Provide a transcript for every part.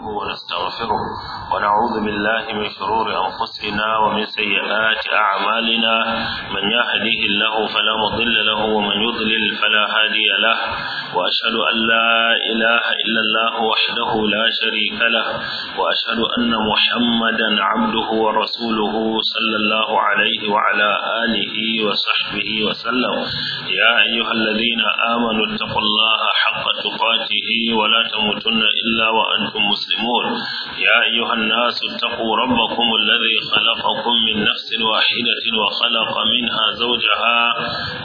نستعينه ونستغفره ونعوذ بالله من شرور أنفسنا ومن سيئات أعمالنا من يهده الله فلا مضل له ومن يضلل فلا هادي له وأشهد أن لا إله إلا الله وحده لا شريك له وأشهد أن محمدا عبده ورسوله صلى الله عليه وعلى آله وصحبه وسلم يا أيها الذين آمنوا اتقوا الله حق تقاته ولا تموتن إلا وأنتم مسلمون يا أيها الناس اتقوا ربكم الذي خلقكم من نفس واحدة وخلق منها زوجها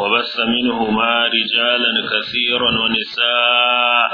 وبث منهما رجالا كثيرا ونساء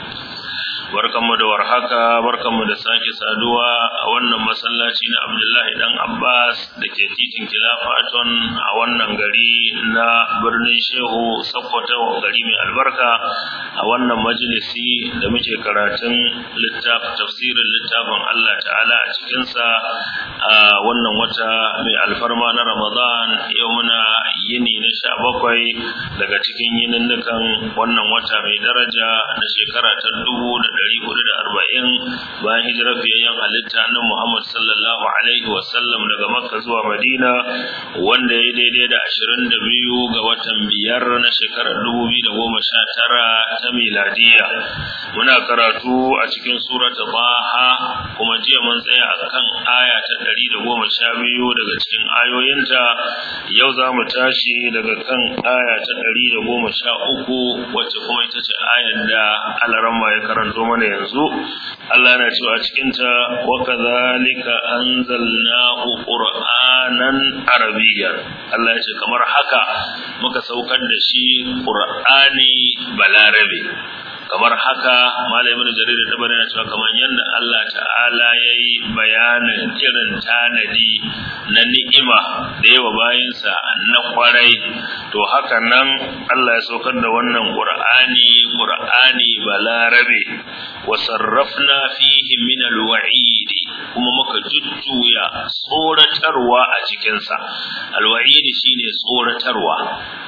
barkamu da warhaka barkamu da sake saduwa a wannan masallaci na Abdullahi dan Abbas da ke titin Kilafaton a wannan gari na birnin Shehu Sokoto gari mai albarka a wannan majalisi da muke karatun littaf tafsirin littafin Allah ta'ala a cikin sa a wannan wata mai alfarma na Ramadan yau muna yini na bakwai daga cikin yininnukan wannan wata mai daraja na shekara ta 2000 ɗari hudu da arba'in bayan hijirar biyayyen halitta na Muhammad sallallahu alaihi wasallam daga Makka zuwa Madina wanda ya daidai da ashirin da biyu ga watan biyar na shekarar dubu biyu da goma sha tara ta miladiya. Muna karatu a cikin surata Baha kuma jiya mun tsaya a kan aya ta ɗari da goma sha biyu daga cikin ayoyinta yau za mu tashi daga kan aya ta ɗari da goma sha uku wacce kuma ita ce ayar da Alaramma ya karanto mana yanzu Allah yana cewa cikin ta wa kadhalika anzalnahu qur'anan arabiyyan Allah ya ce kamar haka muka saukar da shi qur'ani balarabe kamar haka malamin jarir da tabari na cewa kamar yadda Allah ta'ala ya yi bayanin irin tanadi na ni'ima da yawa bayansa na kwarai to haka nan Allah ya saukar da wannan qur'ani qur'ani balarabe wa sarrafna fihi min alwa'idi kuma muka jujjuya tsoratarwa a cikinsa alwa'idi shine tsoratarwa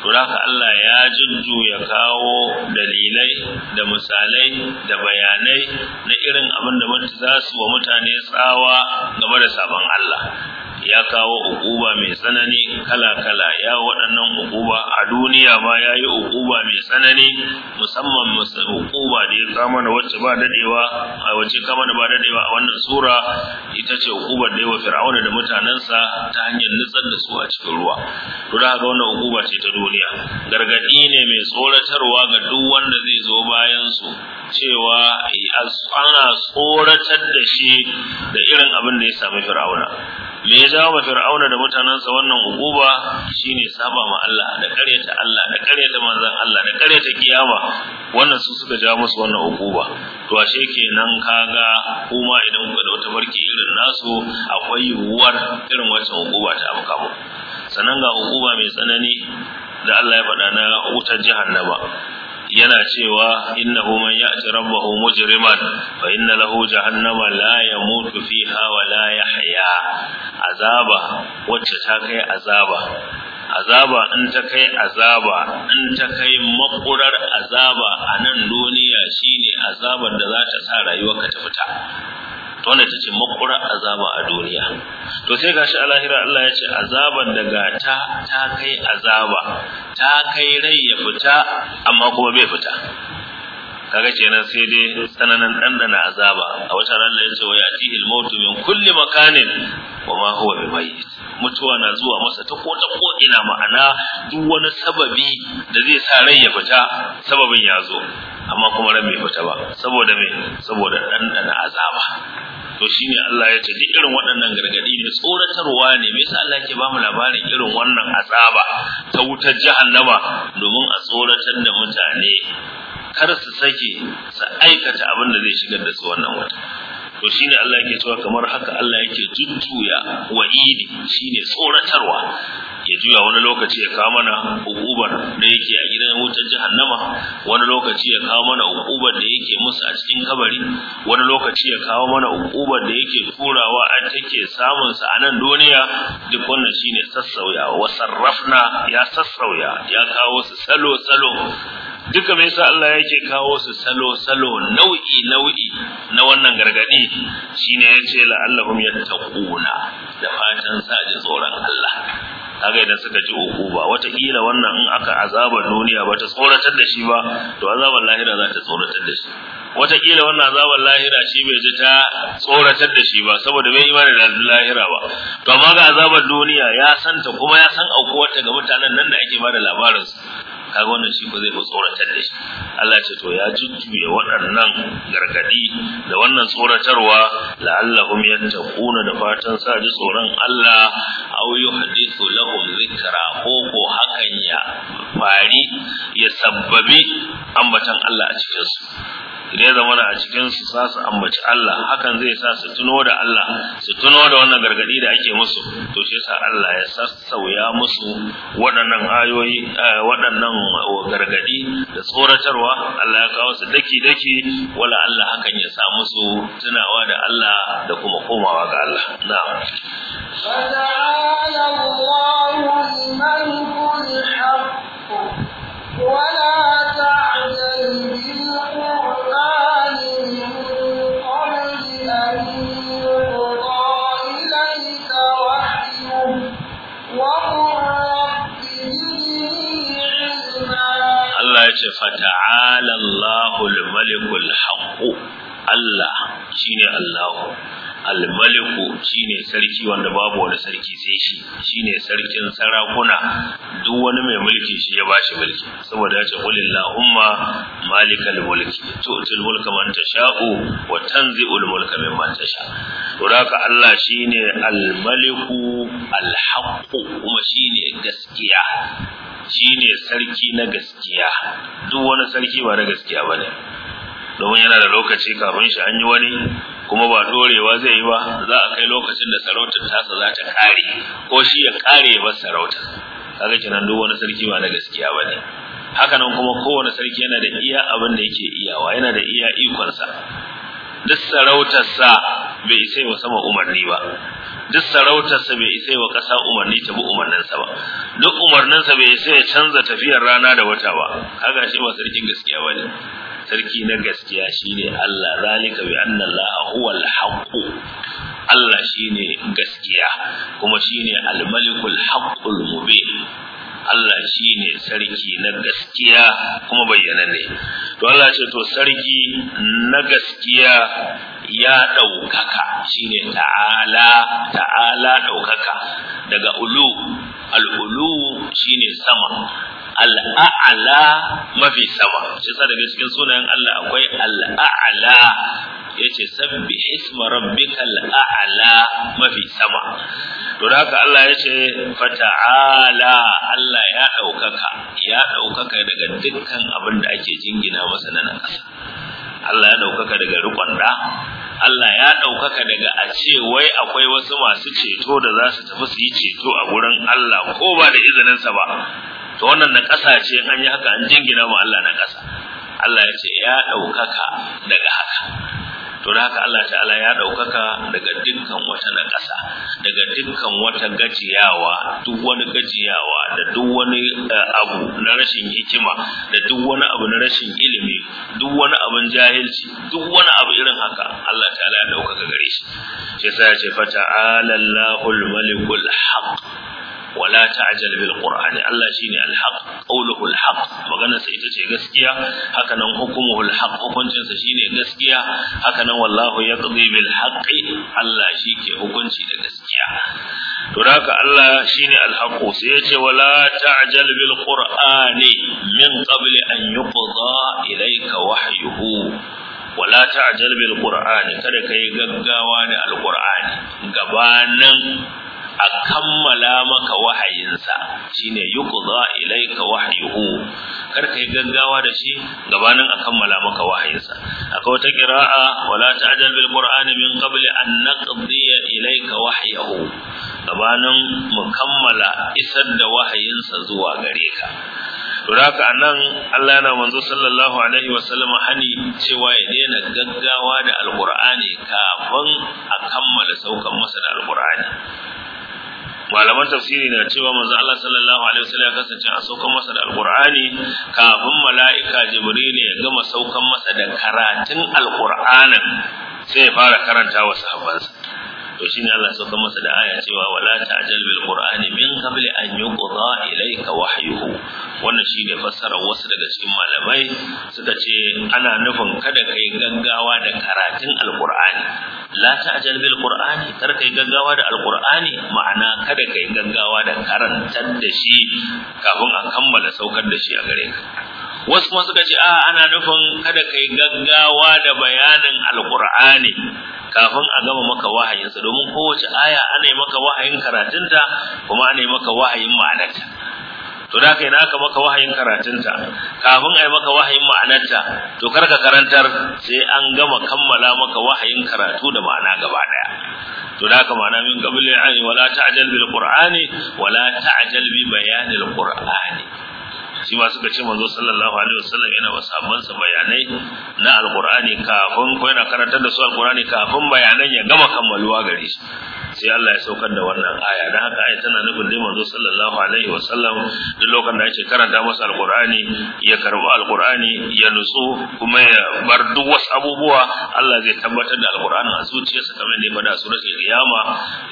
to haka Allah ya jujjuya kawo dalilai da misalai da bayanai na irin abin da za su wa mutane tsawa game da sabon Allah ya kawo uquba mai tsanani kala kala ya waɗannan uquba a duniya ma ya yi uquba mai tsanani musamman uquba da ya kama da wacce ba dadewa a wacce kama da ba dadewa a wannan sura ita ce uqubar da yawa fir'auna da mutanensa ta hanyar nutsar da su a cikin ruwa to da haka wannan uquba ce ta duniya gargadi ne mai tsoratarwa ga duk wanda zai zo bayan su cewa ana tsoratar da shi da irin abin da ya sami fir'auna me ya jawo fir'auna da mutanansa wannan uguba shine saba ma Allah da kareta Allah da kareta manzon Allah da kareta kiyama wannan su suka jawo musu wannan uguba? to ashe kenan kaga kuma idan ku da wata barki irin nasu akwai yuwar irin wannan uguba ta afka mu sanan ga uguba mai tsanani da Allah ya faɗa na wutar jahannama yana cewa innahu man ya'ti rabbahu mujriman fa inna lahu jahannama la yamutu fiha wa la yahya azaba wacce ta kai azaba azaba in ta kai azaba in ta kai makurar azaba a nan duniya shine azabar da za ta sa rayuwarka ta fita to wannan tace makura azaba a duniya to sai gashi a lahira Allah ya ce azaban daga ta ta kai azaba ta kai rai ya fita amma kuma bai fita kaga kenan sai dai tsananan dandana azaba a wata ran Allah yace wa yatihi al mautu min kulli makanin wa ma huwa mayyit mutuwa na zuwa masa ta ko ta ko ina ma'ana duk wani sababi da zai sa rai ya fita sababin ya zo amma kuma ran bai fita ba saboda me saboda dandana azaba to shine Allah ya ce irin waɗannan gargadi ne tsoratarwa ne me yasa Allah yake ba mu labarin irin wannan azaba ta wutar jahannama domin a tsoratar da mutane kar su sake su aikata abin da zai shigar da su wannan wata to shine Allah yake cewa kamar haka Allah yake jujjuya wa'idi shine tsoratarwa ya juya wani lokaci ya kawo mana hukubar da yake a gidan wutar jahannama wani lokaci ya kawo mana hukubar da yake musu a cikin kabari wani lokaci ya kawo mana hukubar da yake turawa a take samun sa a nan duniya duk wannan shine sassauya wa sarrafna ya sassauya ya kawo su salo salo duka mai sa Allah yake kawo su salo salo nau'i nau'i na wannan gargadi shine yace ya yattaquna da fatan sa ji tsoron Allah kaga idan suka ji ba wata kila wannan in aka azaba duniya ba ta tsoratar da shi ba to azabar lahira za ta tsoratar da shi wata kila wannan azabar lahira shi bai ji ta tsoratar da shi ba saboda bai imani da lahira ba to amma ga azabar duniya ya santa kuma ya san aukuwar ta ga mutanen nan da ake bada labarin su kaga wannan shi ba zai tsoratar da shi Allah ce to ya jujjuya waɗannan gargadi da wannan tsoratarwa la'allahum yattaquna da fatan sa ji tsoron Allah aw yuhaddithu lahum dhikra ko ko hakan ya fari ya sabbabi ambatan Allah a cikin su ne ya zama a cikin su sa su ambaci Allah hakan zai sa su tuno da Allah su tuno da wannan gargadi da ake musu to shi yasa Allah ya sassauya musu waɗannan ayoyi eh, waɗannan gargadi da tsoratarwa Allah ya kawo su daki daki wala Allah hakan ya sa musu tunawa da Allah da kuma komawa ga Allah na'am فتعالى الله الملك الحق ولا تعالى ya ce fata'ala malikul haqqu Allah shine Allah al-maliku shine sarki wanda babu wani sarki sai shi shine sarkin sarakuna duk wani mai mulki shi ya bashi mulki saboda ya ce qulillahumma malikal mulki tu'til mulka man tasha'u wa tanzi'ul mulka mimman tasha to haka Allah shine al-maliku al-haqqu kuma shine gaskiya ne sarki na gaskiya duk wani sarki ba na gaskiya ba ne, domin yana da lokaci kafin shi an yi wani kuma ba dorewa zai yi ba za a kai lokacin da sarautar tasa za ta kare ko shi ya kare ya bar sarauta kaga kenan duk wani sarki ba na gaskiya ba ne. haka nan kuma kowane sarki yana da iya abin da yake iyawa yana da iya ikonsa duk sarautarsa bai isa wa sama umarni ba duk sarautarsa bai isa wa ƙasa umarni ta bi umarninsa ba duk umarninsa bai isa ya canza tafiyar rana da wata ba kaga shi ba sarkin gaskiya ba ne sarki na gaskiya shine Allah zalika bi anna Allah huwal haqq Allah shine gaskiya kuma shine al-malikul haqqul mubin Allah shi ne sarki na gaskiya kuma bayyana ne to Allah ce to sarki na gaskiya ya ɗaukaka shi ne ta'ala ta'ala ɗaukaka daga ulu al'ulu shi ne sama Al'a'ala mafi sama shi sa daga cikin sunayen Allah akwai al'a'la yace sabbi isma rabbikal al'a'ala mafi sama to haka Allah yace fata'ala Allah ya daukaka ya daukaka daga dukkan abin da ake jingina masa na ƙasa Allah ya daukaka daga rukun da Allah ya ɗaukaka daga a ce wai akwai wasu masu ceto da za su tafi su yi ceto a gurin Allah ko ba da izininsa ba to wannan na ƙasa ce an yi haka an jingina mu Allah na ƙasa Allah ya ce ya ɗaukaka daga haka to da haka Allah ta'ala ya ɗaukaka daga dukkan wata na ƙasa daga dukkan wata gajiyawa duk wani gajiyawa da duk wani eh, abu na rashin hikima da duk wani abu na rashin ilimi duk wani abin jahilci duk wani abu irin haka Allah ta'ala ya ɗaukaka gare shi sai ya ce fata'ala Allahul malikul haqq wala ta'jal bil qur'ani Allah shine al-haq qawluhu al-haq magana ita ce gaskiya hakanan nan hukumuhu al-haq shine gaskiya hakanan nan wallahu yaqdi bil haqqi Allah ke hukunci da gaskiya to haka Allah shine al-haq sai ya ce wala ta'jal bil qur'ani min qabli an yuqda ilayka wahyuhu wala ta'jal bil qur'ani kada kai gaggawa da al gaba nan. a kammala maka wahayinsa shine yuqda ilayka wahyuhu kar kai gaggawa da shi gabanin a kammala maka wahayinsa akwai wata qira'a wala ta'jal bil qur'ani min qabli an naqdi ilayka wahyahu gabanin mu kammala isar da wahayinsa zuwa gare ka Duraka anan Allah yana manzo sallallahu alaihi wa sallam hani cewa ya daina gaggawa da alqur'ani kafin a kammala saukan masa da alqur'ani malaman tafsiri na cewa manzo Allah sallallahu alaihi wasallam ya kasance a saukan masa da alqur'ani kafin mala'ika jibril ya gama saukan masa da karatun alqur'ana sai ya fara karanta wa sahabbansa to shine Allah ya saukan masa da aya cewa wala ta'jal bil qur'ani min qabli an yuqra ilayka wahyuhu wannan shine fassara wasu daga cikin malamai suka ce ana nufin kada kai gaggawa da karatun alqur'ani la ta'jal bil qur'ani kar kai gaggawa da qur'ani ma'ana kada kai gaggawa da karantar da shi kafin a kammala saukar da shi a gare ka wasu kuma suka ce a ana nufin kada kai gaggawa da bayanin qur'ani kafin a gama maka wahayinsa domin kowace aya ana yi maka wahayin karatunta kuma ana yi maka wahayin ma'anarta to da kai na aka maka wahayin karatunta kafin ai maka wahayin ma'anarta to kar ka karantar sai an gama kammala maka wahayin karatu da ma'ana gaba daya to da haka ma'ana min qabli an wala ta'jal bil qur'ani wala ta'jal bi bayanil qur'ani shi ma suka ce manzo sallallahu alaihi wasallam yana wa sa bayanai na alqur'ani kafin ko yana karantar da su alqur'ani kafin bayanan ya gama kammaluwa gare shi sai Allah ya saukar da wannan aya dan haka ai tana nufin dai manzo sallallahu alaihi wasallam duk lokacin da ake karanta masa alqur'ani ya karbi alqur'ani ya nutsu kuma ya bar duk wasu abubuwa Allah zai tabbatar da alqur'ani a zuciyarsa kamar da ya faɗa suratul qiyama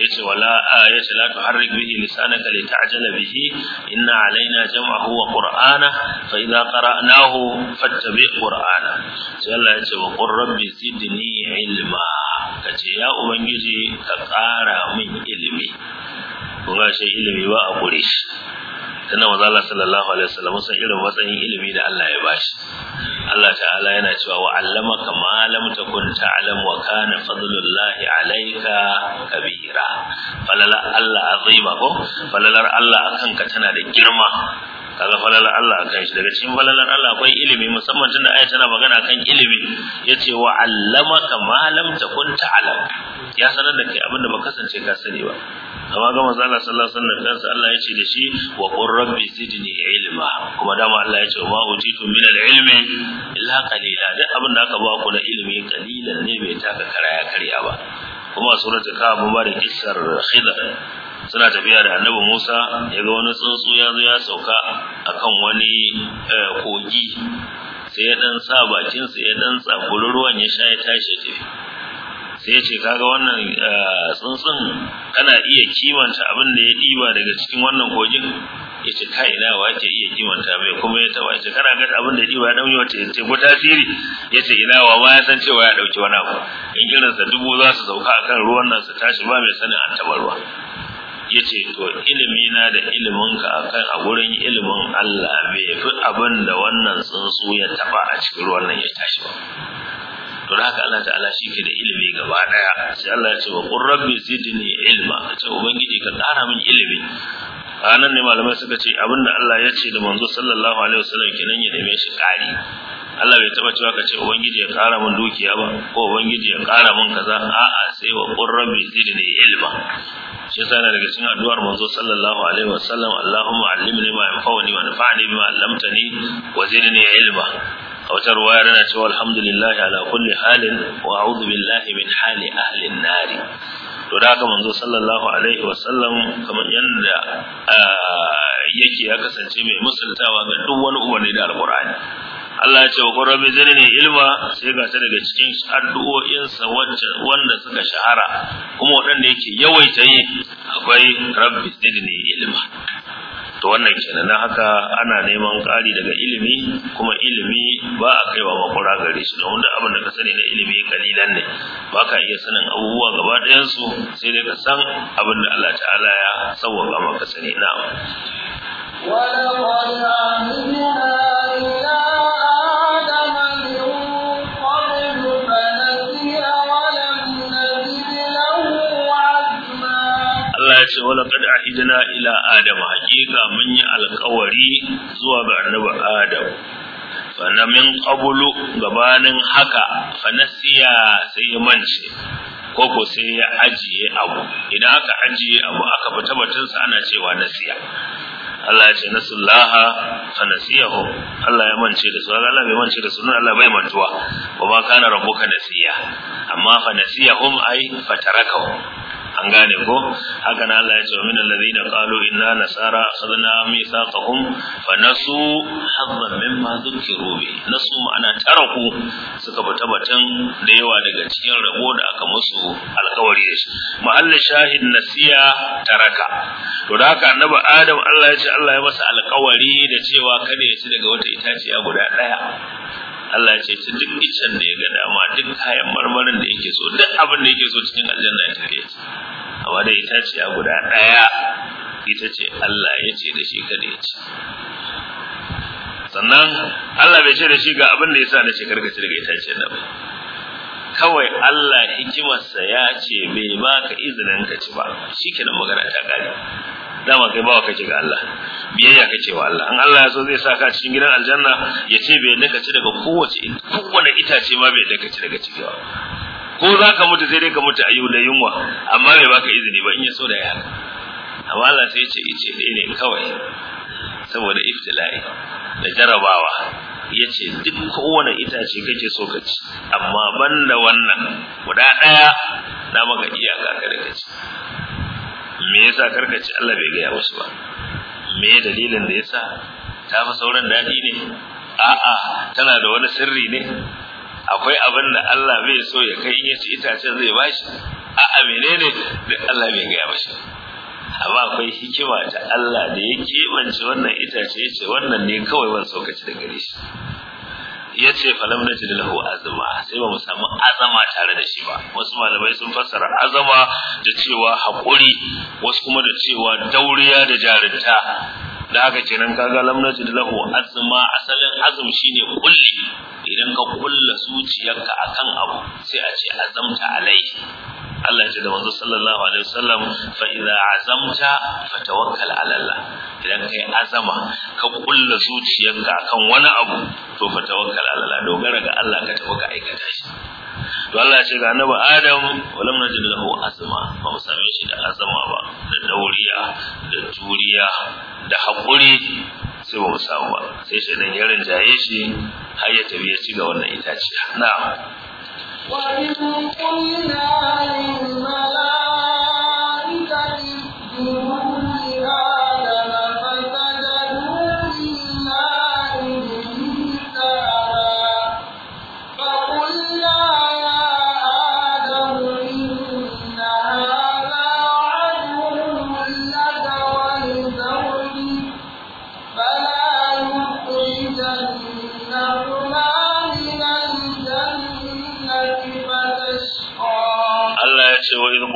yace wala yace la tuharrik bihi lisanaka lita'jala bihi inna alaina jam'ahu wa qur'an qur'ana fa idza qara'nahu fattabi qur'ana sai Allah ya ce wa qur rabbi zidni ilma kace ya ubangiji ka ƙara min ilimi ko ga ilimi ba a kure shi tana manzo Allah sallallahu alaihi wasallam san irin matsayin ilimi da Allah ya bashi Allah ta'ala yana cewa wa 'allamaka ma lam takun ta'lam wa kana fadlullahi 'alayka kabira falala Allah azima ko Allah akan ka tana da girma kaga falalar Allah akan shi daga cikin falalar Allah akwai ilimi musamman tunda aya tana magana kan ilimi yace wa allamaka ma lam takun ta'lam ya sanar da kai abinda ba kasance ka sani ba amma ga manzo Allah sallallahu alaihi wasallam kansa Allah yace da shi wa qur rabbi zidni ilma kuma dama Allah yace wa utitu min al-ilmi illa qalila da abinda aka ba ku na ilimi qalilan ne bai taka karaya karya ba kuma suratul kahf mun ba da khidr suna tafiya da annabi Musa ya ga wani tsuntsu ya zo ya sauka akan wani eh, kogi sai ya dan sa bakinsa ya dan tsakuri ruwan ya sha ya tashi tafi sai ya ce kaga wannan eh, tsuntsun kana iya kimanta abin da ya diba daga cikin wannan kogin ya ce ka ina wa ke iya kimanta mai kuma ya taba ya ce kana ga abin da ya diba ya ɗauki wata ya ce ko tasiri ya ce ina wa ma ya san cewa ya ɗauki wani abu in sa dubu za su sauka akan ruwan nan su tashi ba mai sanin an taɓa ruwa yace to ilimi na da ilimin ka akan a gurin ilimin Allah bai fi abin da wannan tsuntsu ya taba a cikin ruwan nan ya tashi ba to da haka Allah ta'ala shi ke da ilimi gaba daya sai Allah ya ce wa qur rabbi zidni ilma ce ubangiji ka ƙara min ilimi a nan ne malamai suka ce abinda Allah ya ce da manzo sallallahu alaihi wasallam kenan ya neme shi ƙari Allah bai taba cewa ka ce ubangiji ya ƙara min dukiya ba ko ubangiji ya ƙara min kaza a'a sai wa qur rabbi zidni ilma shi yasa daga cikin addu'ar manzo sallallahu alaihi wasallam Allahumma allimni ma yanfa'uni wa nafa'ni bima 'allamtani wa zidni ilma a wata ruwaya yana cewa alhamdulillah ala kulli halin wa a'udhu billahi min hali ahli an-nar to da haka manzo sallallahu alaihi wasallam kamar yanda ah, yake ya kasance mai musultawa ga duk wani umarni da alqur'ani Allah ya ce wa rabbi zidni ilma sai ga ta daga cikin addu'o'insa wacce wanda suka shahara kuma waɗanda yake yawaita yi akwai rabbi zidni ilma to wannan kenan na haka ana neman ƙari daga ilimi kuma ilimi ba a kaiwa makura gare shi domin abin da ka sani na ilimi kalilan ne ba ka iya sanin abubuwa gaba ɗayansu sai dai ka san abin da Allah ta'ala ya sauwaka maka sani na'am ولقد علمنا ce wala a ahidna ila adam hakika mun yi alƙawari zuwa ga annabi adam fana min qablu gabanin haka siya sai ya mance ko ko sai ya ajiye abu idan aka ajiye abu aka fita sa ana cewa nasiya Allah ya ce nasullaha fa nasiyahu Allah ya mance da su Allah bai mance da su Allah bai mantuwa wa ba kana rabbuka nasiya amma fa nasiyahum ay fatarakahum an gane ko haka na Allah ya ce min alladhina qalu inna nasara akhadna mithaqahum fa nasu hadhan mimma dhukiru bi nasu ma'ana taraku suka bata batan da yawa daga cikin rabo da aka musu alkawari da shi mahalla shahid nasiya taraka to da haka annabi adam Allah ya ce Allah ya masa alkawari da cewa kada ya ci daga wata itaciya guda daya Allah ya ce ta duk icen da ya ga dama duk kayan marmarin da yake so duk abin da yake so cikin aljanna ya tare amma da ita ce a guda ɗaya ita ce Allah ya ce da shi kada ya ci sannan Allah bai ce da shi ga abin da ya sa da shi karkace daga itaciyar da ba kawai Allah hikimarsa ya ce bai baka izinin ka ci ba shikenan magana ta kare dama kai bawa kake ga Allah biyayya kake wa Allah in Allah ya so zai saka cikin gidan aljanna ya ce bai daka ci daga kowace kowace itace ma bai daka ci daga ciki ba ko za ka mutu sai dai ka mutu ayu da yunwa amma bai baka izini ba in ya so da ya amma Allah sai ya ce ice ne kawai saboda iftila'i da jarabawa ya ce duk kowane itace kake so ka ci amma banda wannan guda ɗaya na maka iyaka ka da ci me yasa ce Allah bai gaya wasu ba me dalilin da yasa ta fi sauran daɗi ne a'a tana da wani sirri ne akwai abin da Allah bai so ya kai in yace itacen zai ba bashi a'a menene duk Allah bai gaya shi amma akwai hikima ta Allah da ya kebance wannan itace wannan ne kawai ban so ka da gare shi Ya ce falam jidila lahu azama sai ba mu samu azama tare da shi ba wasu malamai sun fassara azama da cewa haƙuri, wasu kuma da cewa dauriya da jarinta da haka kenan kaga lam najid lahu azma asalin azm shine kulli idan ka kulla zuciyarka akan abu sai a ce azamta alai Allah ya ce da manzo sallallahu alaihi wasallam fa idza azamta fatawakkal ala Allah idan kai azama ka kulla zuciyarka akan wani abu to fatawakkal ala Allah dogara ga Allah ka tafi ka aikata shi to Allah ya ce ga annabi Adam walam najid lahu asma ba mu same shi da azama ba da dauriya da juriya da hakuri sai ba mu samu ba sai dan ya rinjaye shi har ya tafi ya ci ga wannan itaciya na'am wa in kunna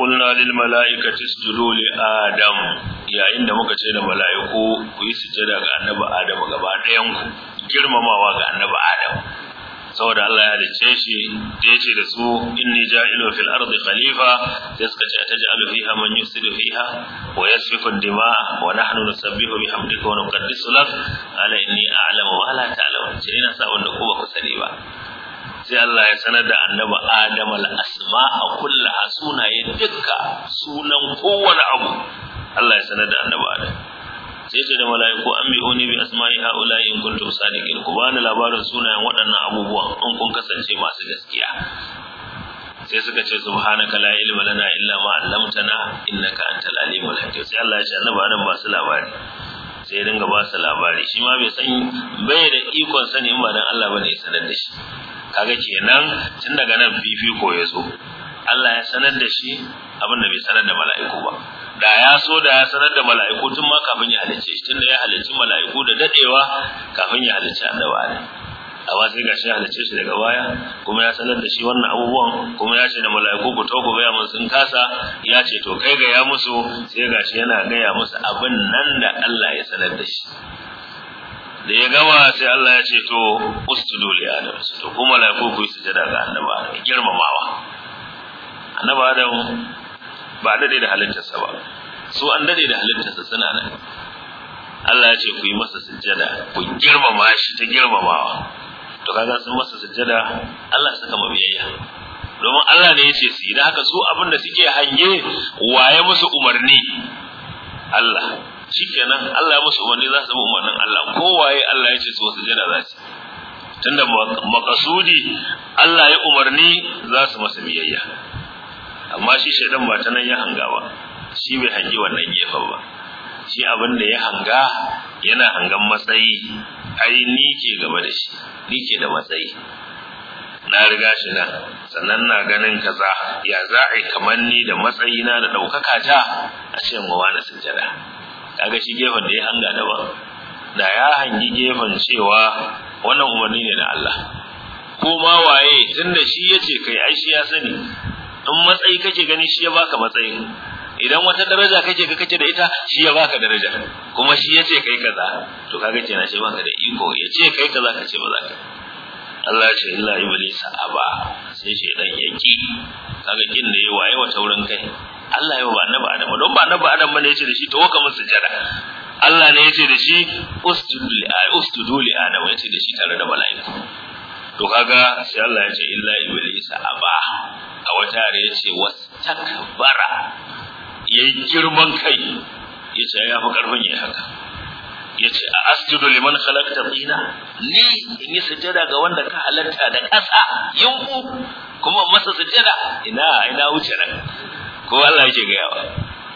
qulna lil mala'ikati isjudu li adam yayin da muka ce da mala'iku ku yi sujada ga annabi adam gaba ku girmamawa ga annabi adam saboda Allah ya halicce shi da da su inni ja'ilu fil arzi khalifa sai suka ce ataj'alu fiha man yusidu fiha wa yasfiku ad-dima'a wa nahnu nusabbihu bihamdika wa nuqaddisu lak ala inni a'lamu wa la ta'lamun sai ina sa wanda ku ba ku sani ba sai Allah ya sanar da annabi Adam al-asma'a kullaha sunaye dukka sunan kowane abu Allah ya sanar da annaba Adam sai ce da mala'iku an bi oni bi asma'i haula in kuntum sadiqin ku bani labarin sunayen waɗannan abubuwan in kun kasance masu gaskiya sai suka ce subhanaka la ilma lana illa ma 'allamtana innaka antal alimul hakim sai Allah ya ce annaba Adam ba su labari sai dinga ba su labari shi ma bai san bai da ikon sani in ba dan Allah bane ya sanar da shi kaga kenan tun daga nan fifiko ya zo Allah ya sanar da shi abin da bai sanar da mala'iku ba da ya so da ya sanar da mala'iku tun ma kafin ya halicce shi tun da ya halicci mala'iku da dadewa kafin ya halicci annabawa ne amma sai ga shi halicce shi daga baya kuma ya sanar da shi wannan abubuwan kuma ya ce da mala'iku ku to ku gaya mun sun kasa ya ce to kai ga ya musu sai ga shi yana gaya musu abin nan da Allah ya sanar da shi da ya gama sai Allah ya ce to usjudu li adam to kuma la ku ku sujada ga annaba adam girmamawa annaba adam ba dai da halittarsa ba su an dade da halittarsa suna nan Allah ya ce ku yi masa sujada ku girmama shi ta girmamawa to kaga sun masa sujada Allah suka mabiyayya domin Allah ne ya ce su yi haka su abin da suke hange waye musu umarni Allah shikenan Allah ya musu umarni za su zama umarnin Allah kowaye Allah ya ce su wasu sujada za su tunda makasudi Allah ya umarni za su masa biyayya amma shi shaidan ba ta nan ya hanga ba shi bai hangi wannan gefen ba shi abin da ya hanga yana hangan matsayi ai ni ke gaba da shi ni ke da matsayi na riga shi nan sannan na ganin kaza ya za a kamar ni da matsayina da ɗaukaka ta a cikin wani sujada kaga shi gefen da ya hanga daban da ya hangi gefen cewa wannan umarni ne na Allah ko ma waye tunda shi yace kai ai shi ya sani in matsayi kake gani shi ya baka matsayin idan wata daraja kake ka kace da ita shi ya baka daraja kuma shi yace kai kaza to kaga kenan shi baka da iko yace kai kaza ce ba za ka Allah ya ce illa iblis aba sai shedan yaki kaga kin da yayi waye wa taurin kai Allah ya ba annabi Adam don ba annabi Adam bane yace da shi to waka musu Allah ne yace da shi usjudu li usjudu li Adam yace da shi tare da mala'iku to kaga sai Allah yace illa iblis aba a wata are yace wastakbara yayi girman kai yace ya fa karfin yayi haka yace a asjudu liman khalaqta tina ni in yi sujada ga wanda ka halatta da ƙasa yunku kuma masa sujada ina ina wuce nan ko Allah yake gayawa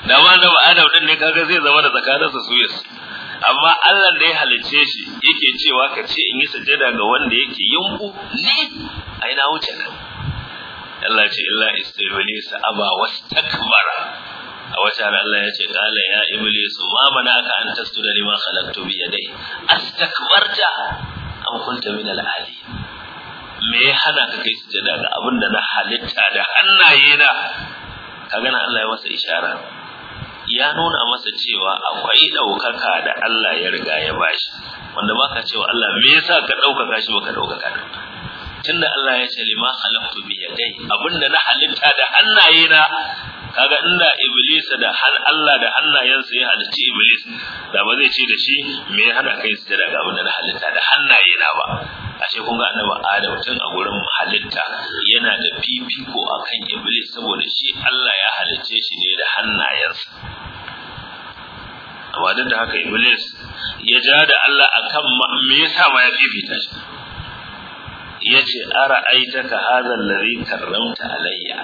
da ma zama adam din ne kaga zai zama da tsakaninsa su amma Allah da ya halice shi yake cewa ka ce in yi sajada ga wanda yake yunku ne a ina wuce nan Allah ce illa sa aba wastakbara a wata Allah ya ce kala ya iblis ma manaka an tasjuda lima khalaqtu bi yadai astakbarta am kunta min al-ali me ya hana ka kai sujada ga abinda na halitta da hannaye na kagana Allah ya masa ishara ya nuna masa cewa akwai ɗaukaka da Allah ya riga ya bashi wanda baka cewa Allah me yasa ka ɗaukaka shi baka ɗaukaka da tunda Allah ya ce lima khalaqtu bi yadai abinda na halitta da hannaye na kaga inda iblis da hal Allah da hannayensa ya halicci iblis da ba zai ce da shi me ya hana kai sai daga abinda na halitta da hannaye na ba ce kun ga annabi Adam tun a gurin halitta yana da fifiko akan iblis saboda shi Allah umarce shi ne da hannayensa amma duk da haka iblis ya ja da Allah akan me sa ma ya fifita shi yace ara aitaka hadha alladhi karramta alayya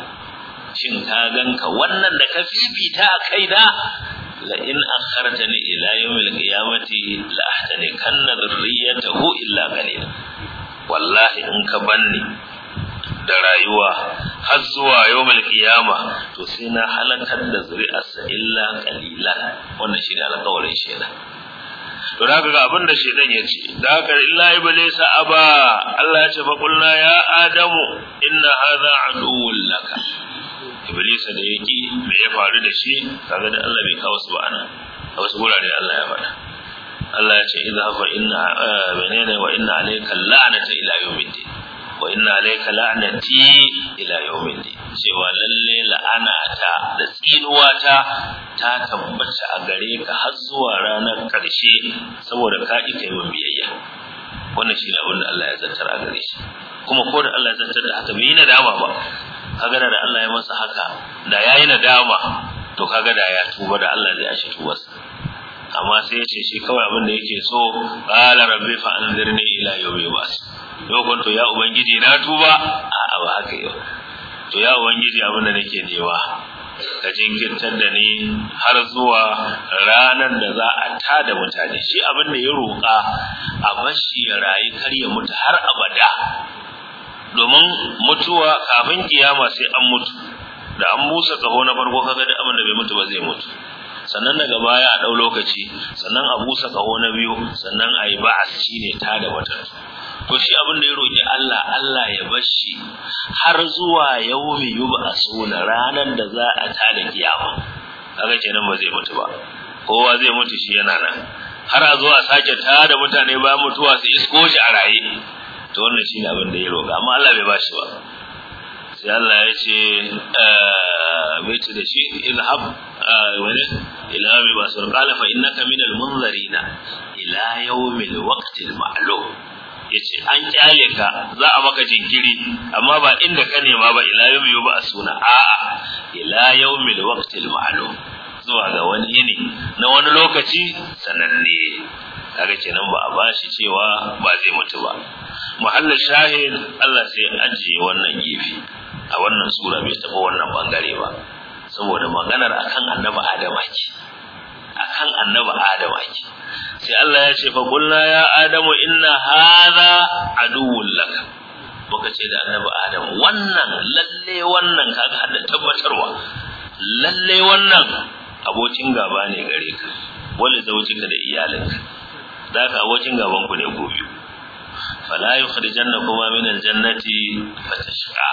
shin ka ganka wannan da ka fifita a kaina la in akhartani ila yawmil qiyamati la ahtanikanna dhurriyyatahu illa qalila wallahi in ka banni da rayuwa har zuwa yawmal qiyama to sai na halakar da zuri'arsa illa qalilan wannan shi ne alƙawarin shaidan to da ga abin da shaidan ya ce da haka illa iblisa aba Allah ya ce fa kullu ya adamu inna hadha aduwwun laka iblisa da yake me ya faru da shi kaga da Allah bai kawo su ba ana a wasu gurare Allah ya faɗa Allah ya ce idha fa inna eh, menene wa inna alayka la'nata ila yawmiddin wa inna alayka la'nati ila yawmin din cewa lalle la'ana ta da tsinuwa ta ta tabbata a gare ka har zuwa ranar karshe saboda ka ki kai biyayya wannan shi ne abin da Allah ya zartar a gare shi kuma ko da Allah ya zartar da haka bai nadama ba kaga da Allah ya masa haka da yayi nadama to kaga da ya tuba da Allah zai ashe tubarsa amma sai ya ce shi kawai abin da yake so qala rabbi fa anzirni ila yawmi yub'ats yau to ya ubangiji na tuba a'a ba haka yau to ya ubangiji abin da nake newa ka jinkirtar da ni har zuwa ranar da za a ta da mutane shi abin da ya roƙa a bashi ya rayu kar ya mutu har abada domin mutuwa kafin kiyama sai an mutu da an busa kaho na farko kaga da abin da bai mutu ba zai mutu sannan daga baya a ɗau lokaci sannan a busa kaho na biyu sannan a yi ne shine da wata to shi abin da ya roki Allah Allah ya bashi har zuwa yawmi yub'asuna ranar da za a tada kiyama kaga kenan ba zai mutu ba kowa zai mutu shi yana nan har a zo a sake tada mutane ba mutuwa su isko shi a raye to wannan shine abin da ya roka amma Allah bai bashi ba sai Allah ya ce ah, bai ce da shi hab ah, wani mai basu? su qala fa innaka minal munzarina ila yawmil waqtil ma'lum Ya ce an kyale ka za a maka jinkiri amma ba inda ka nema ba ila yau yau ba a suna a'a ila da waqtil ma'lum zuwa ga wani yini na wani lokaci sananne kaga kenan ba a bashi cewa ba zai mutu ba muhallin shahid Allah sai ajiye wannan gefe a wannan sura bai tafi wannan bangare ba saboda maganar akan annabi Adama ake akan annabi adam ake sai Allah ya ce fa qulna ya adamu inna hadha aduwwul lak Baka ce da annabi adam wannan lalle wannan kaga hada tabbatarwa lalle wannan abokin gaba ne gare ka wani zaujinka da iyalinka zaka abokin gaban ku ne gobe fala kuma min aljannati fatashqa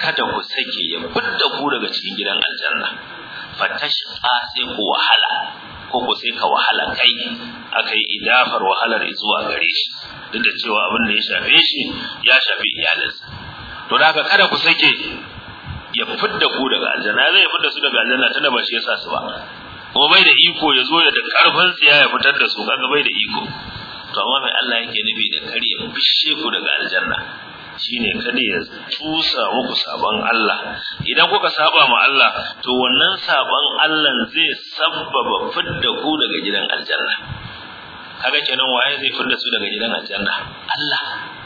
kada ku sake ya budda ku daga cikin gidan aljanna fatashqa sai ku wahala ko ku sai ka wahala kai akai idafar wahalar zuwa gare shi duk da cewa abin da ya shafe shi ya shafi iyalinsa to da haka kada ku sake ya fidda ku daga aljanna zai ya fidda su daga aljanna tunda ba shi yasa su ba kuma bai da iko ya zo da karfin tsiya ya fitar da su kaga bai da iko to amma mai Allah yake nufi da kare bishe ku daga aljanna shine kada ya tusa muku saban Allah idan kuka saba ma Allah to wannan saban Allah zai sabbaba fidda ku daga gidan aljanna kaga kenan waye zai fidda su daga gidan aljanna Allah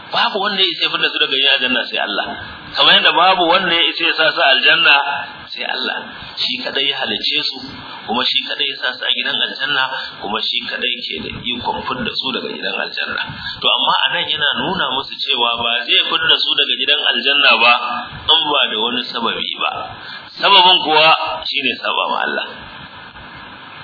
babu wanda ya fidda su daga gidan aljanna sai Allah kamar yadda babu wanda ya isa ya sa aljanna sai Allah shi kadai ya halice su kuma shi kadai ya sa su a gidan aljanna kuma shi kadai ke da ikon fidda su daga gidan aljanna to amma anan yana nuna musu cewa ba zai fidda su daga gidan aljanna ba in ba da wani sababi ba sababin kuwa shine saba ma Allah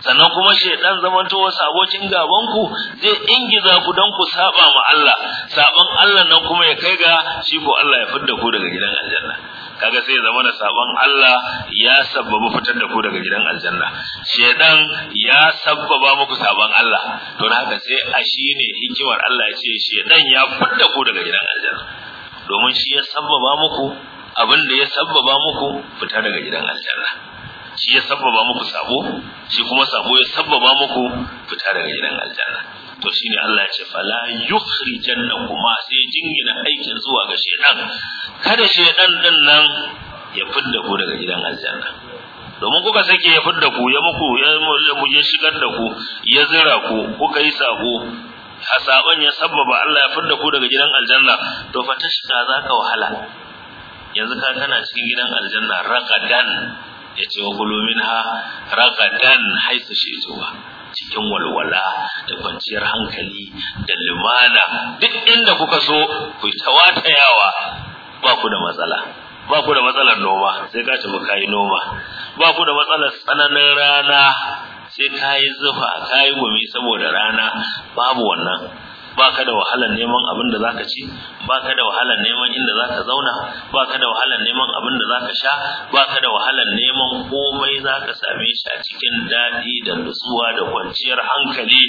sannan kuma shedan zamantowa sabokin gaban ku zai ingiza ku don ku saba ma Allah saban Allah nan kuma ya kai ga shi ko Allah ya fidda ku daga gidan aljanna kaga sai zama saban Allah ya sabbaba fitar da ku daga gidan aljanna shedan ya sabbaba muku saban Allah to na haka sai a shine hikimar Allah ya ce shedan ya fitar da ku daga gidan aljanna domin shi ya sabbaba muku abin da ya sabbaba muku fita daga gidan aljanna shi ya sabbaba muku sabo shi kuma sabo ya sabbaba muku fita daga gidan aljanna to shine Allah ya ce fala kuma sai jingina aikin zuwa ga shedan kada shedan din nan ya fidda ku daga gidan aljanna domin kuka sake ya fidda ku ya muku ya mu ya shigar da ku ya zira ku kuka yi sabo hasaban ya sabbaba Allah ya fidda ku daga gidan aljanna to fa tashka zaka wahala yanzu ka kana cikin gidan aljanna raqadan ya ce wa kulu minha ragadan haisu shituwa cikin walwala da kwanciyar hankali da limana duk inda kuka so ku ta watayawa ba ku da matsala ba ku da matsalar noma sai ka muka kayi noma ba ku da matsalar tsananin rana sai ka kayi zufa yi gumi saboda rana babu wannan baka da wahalar neman abin da zaka ci baka da wahalar neman inda zaka zauna baka da wahalar neman abin da zaka sha baka da wahalar neman komai zaka same shi a cikin daɗi da nutsuwa da kwanciyar hankali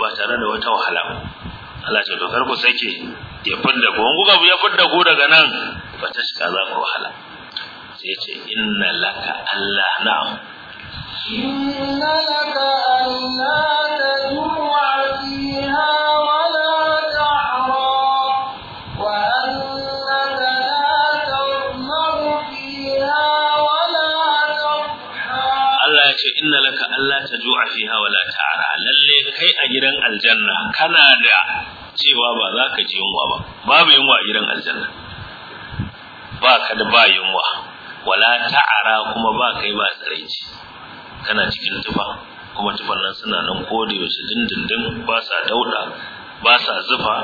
ba tare da wata wahala ba Allah ce to ku sake ya fidda ku wangu gabu ya fidda ku daga nan ba ta shiga za ku wahala sai ya ce inna laka Allah na'am inna laka Allah ce inna laka Allah ta a fiha wala ta'ara lalle kai a gidan aljanna kana da cewa ba za ka ji yunwa ba babu yunwa a gidan aljanna ba ka da ba yunwa wala ta'ara kuma ba kai ba tsaraici kana cikin tufa kuma tufan nan suna nan ko da yaushe dindindin ba sa dauda ba sa zufa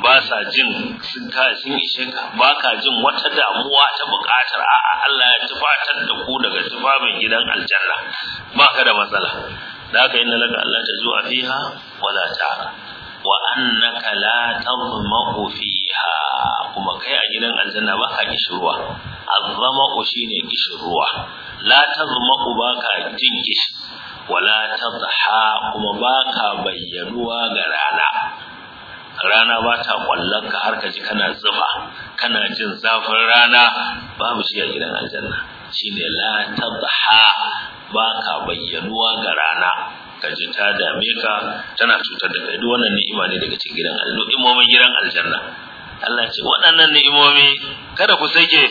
ba sa jin sun ta sun ishe ka ba ka jin wata damuwa ta buƙatar a'a Allah ya tufatar da ku daga tufafin gidan aljanna ba ka da matsala da haka inna laka Allah ta zuwa fiha wala ta'ara wa annaka la tadma'u fiha kuma kai a gidan aljanna ba ka kishirwa azzama'u shine kishirwa la tadma'u ba ka jin kishi wala tadha kuma ba ka bayyanuwa ga rana rana ba ta kwallon ka har ka ji kana zuba kana jin zafin rana babu shi a gidan aljanna shine la tabha ba ka bayyanuwa ga rana ka ji ta dame ka tana cutar da kai duk wannan ni'ima ne daga cikin gidan aljanna ni'imomin gidan aljanna Allah ce waɗannan ni'imomi kada ku sake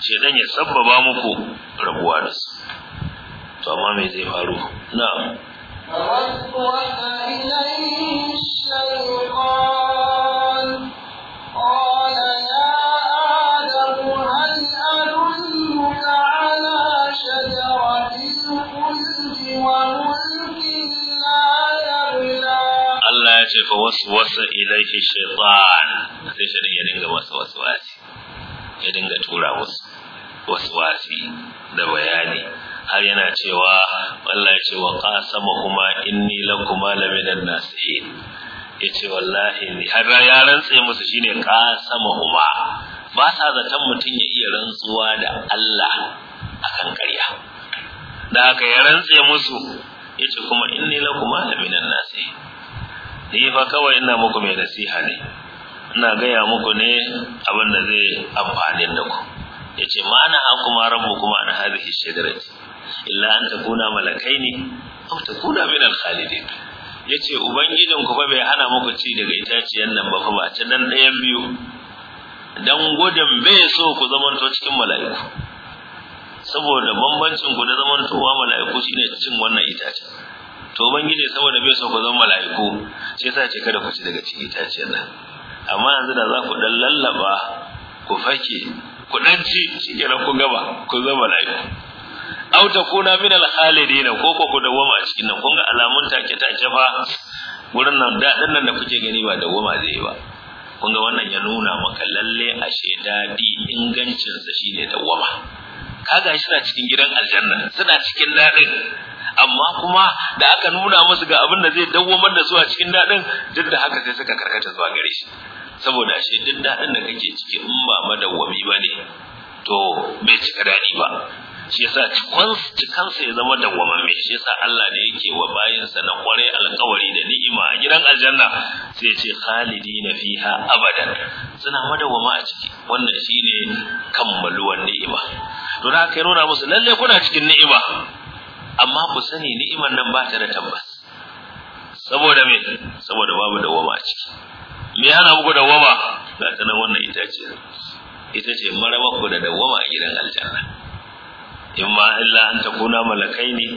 dan ya sabbaba muku rabuwa da su to amma me zai faru na'am ce fa wasu wasu ilaihi shaitan sai shi ya dinga wasu wasu, ya dinga tura wasu wasu da bayani har yana cewa wallahi ya ce wa qasama kuma inni lakuma minan nasihin yace wallahi ni har ya rantsa musu shine qasama kuma ba sa zaton mutun ya iya rantsuwa da Allah akan ƙarya da haka ya rantsa musu yace kuma inni lakuma minan nasihin ni fa kawai ina muku mai nasiha ne ina gaya muku ne abin da zai amfani da ku yace ma'ana an kuma rabu kuma an hadhihi shajarati illa an ne? malakaini ta kuna, min al Ya yace ubangijin ku fa bai hana muku ci daga itaciyan nan ba fa ba ta dan ɗayan biyu dan gudun bai so ku zamanto cikin mala'iku saboda bambancin ku da zamantowa mala'iku shine cin wannan itacen to ban gine saboda bai so ku zama mala'iku sai sa ce kada ku ci daga ciki itaciyar nan amma yanzu da za ku dan lallaba ku fake ku dan ci shi ku gaba ku zama mala'iku aw kuna min al-khalidin ko ko ku dawama a cikin nan kun ga alamun take take fa gurin nan dan nan da kuke gani ba dawama zai yi ba kun ga wannan ya nuna maka lalle a shedadi ingancinsa shine dawama kaga suna cikin gidan aljanna suna cikin daɗin amma kuma da aka nuna musu ga abin da zai dawwamar da su a cikin daɗin duk da haka sai suka karkata zuwa gare shi saboda shi duk daɗin da kake ciki in ba madawwami ba ne to bai cika daɗi ba shi yasa sa ya zama dawwamamme shi yasa Allah ne yake wa bayinsa na kware alƙawari da ni'ima a gidan aljanna sai ya ce khalidina fiha abadan suna madawwama a ciki wannan shine kammaluwar ni'ima to da aka nuna musu lalle kuna cikin ni'ima amma ku sani ni'imar nan ba ta da tabbas saboda me saboda babu dawama a ciki me yana muku dawama ga ta nan wannan ce. ita ce marabar ku da wama a gidan aljanna ma illa an ne malakaini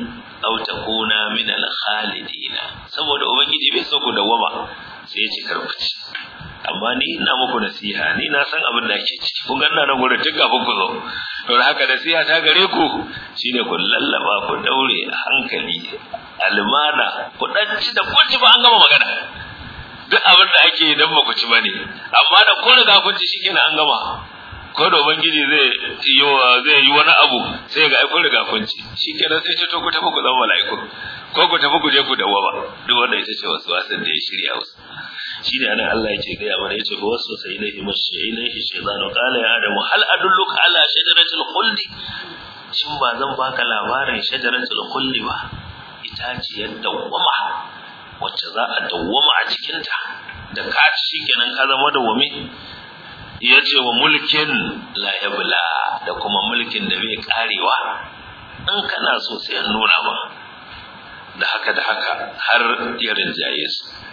ta kuna min al-khalidina saboda ubangiji bai so ku wama sai ya ci amma ni ina muku nasiha ni na san abin da ake ciki kun ganna na gurin tun kafin ku zo to da haka nasiha ta gare ku shine ku lallaba ku daure a hankali almana ku dan ci da kun ci ba an gama magana duk abin da ake yi dan ba ku ci bane amma da kun riga kun ci shikenan an gama ko da ubangiji zai yi zai yi wani abu sai ga ai kun riga kun ci shikenan sai ce to ku tafi ku zama mala'iku ko ku tafi ku je ku dawo ba duk wanda ita ce wasu wasan da ya shirya wasu ne anan Allah yake gaya mana yace huwa wasa ilayhi mashi ilayhi shaytanu kala ya adamu hal adulluka ala shajaratul khuldi shin ba zan baka labarin shajaratul khuldi ba itaciyar dawwama wacce za a dawwama a cikin ta da ka ci shikenan ka zama dawwami yace wa mulkin la yabla da kuma mulkin da bai karewa in kana so sai nuna ba da haka da haka har ya rinjaye su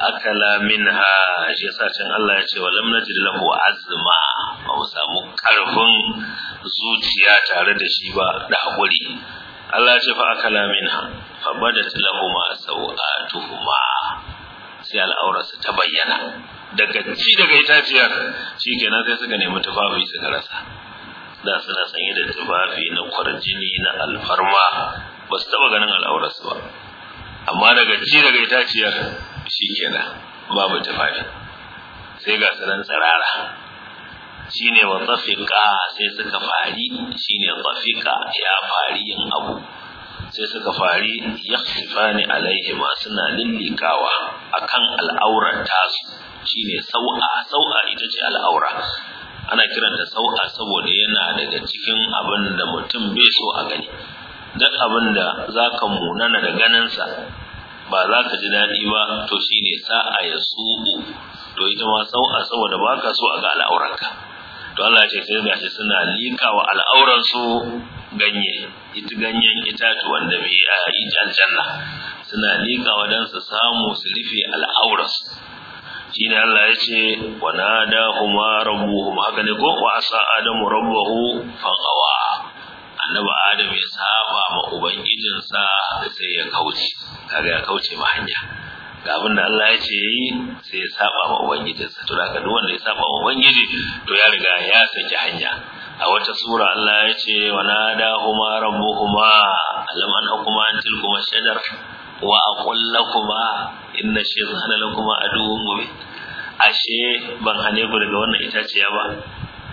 akala minha shi yasa can Allah ya ce wa lam najid lahu azma ba mu samu karfin zuciya tare da shi ba da hakuri Allah ya ce fa akala minha fa badat ma sawatuhuma sai su ta bayyana daga ci daga itaciyar shikenan sai suka nemi tufafi suka rasa da suna sanye da tufafi na kwarjini na alfarma ba su taba ganin al'aurarsu ba amma daga ci daga itaciyar shi kenan babu tufafi sai ga sanan tsirara shine wa tafiqa sai suka fari shine tafiqa ya fari yin abu sai suka fari yakhsifani alaihi ma suna lillikawa akan al'aurar tasu shine sau'a sau'a ita ce al'aura ana kiranta sau'a saboda yana daga cikin abin mutum bai so a gani duk abin da zaka munana da ganinsa ba za ka ji daɗi ba to shi shine sa'a ya tsubu. to ita ma sau'a saboda baka so a ga al'auranka to Allah ce sai shi suna liƙawa al'auran su ganye ita ganyen itatuwan da bai a aljanna suna liƙawa dan su samu su rufe shi ne Allah ya ce wa rabu rabbuhum haka ne ko wa asa adamu rabbahu faqawa annabi adam ya saba ma ubangijinsa sai ya kauce kaga ya kauce ma hanya ga abinda Allah ya ce yi sai ya saba ma ubangijinsa to daga duk wanda ya saba ma ubangiji to ya riga ya saki hanya a wata sura Allah ya ce wa huma rabbuhuma alam an hukuma an tilkuma shajar wa aqul lakuma inna shaytana lakum aduwwun mubin ashe ban hane ku daga wannan itaciya ba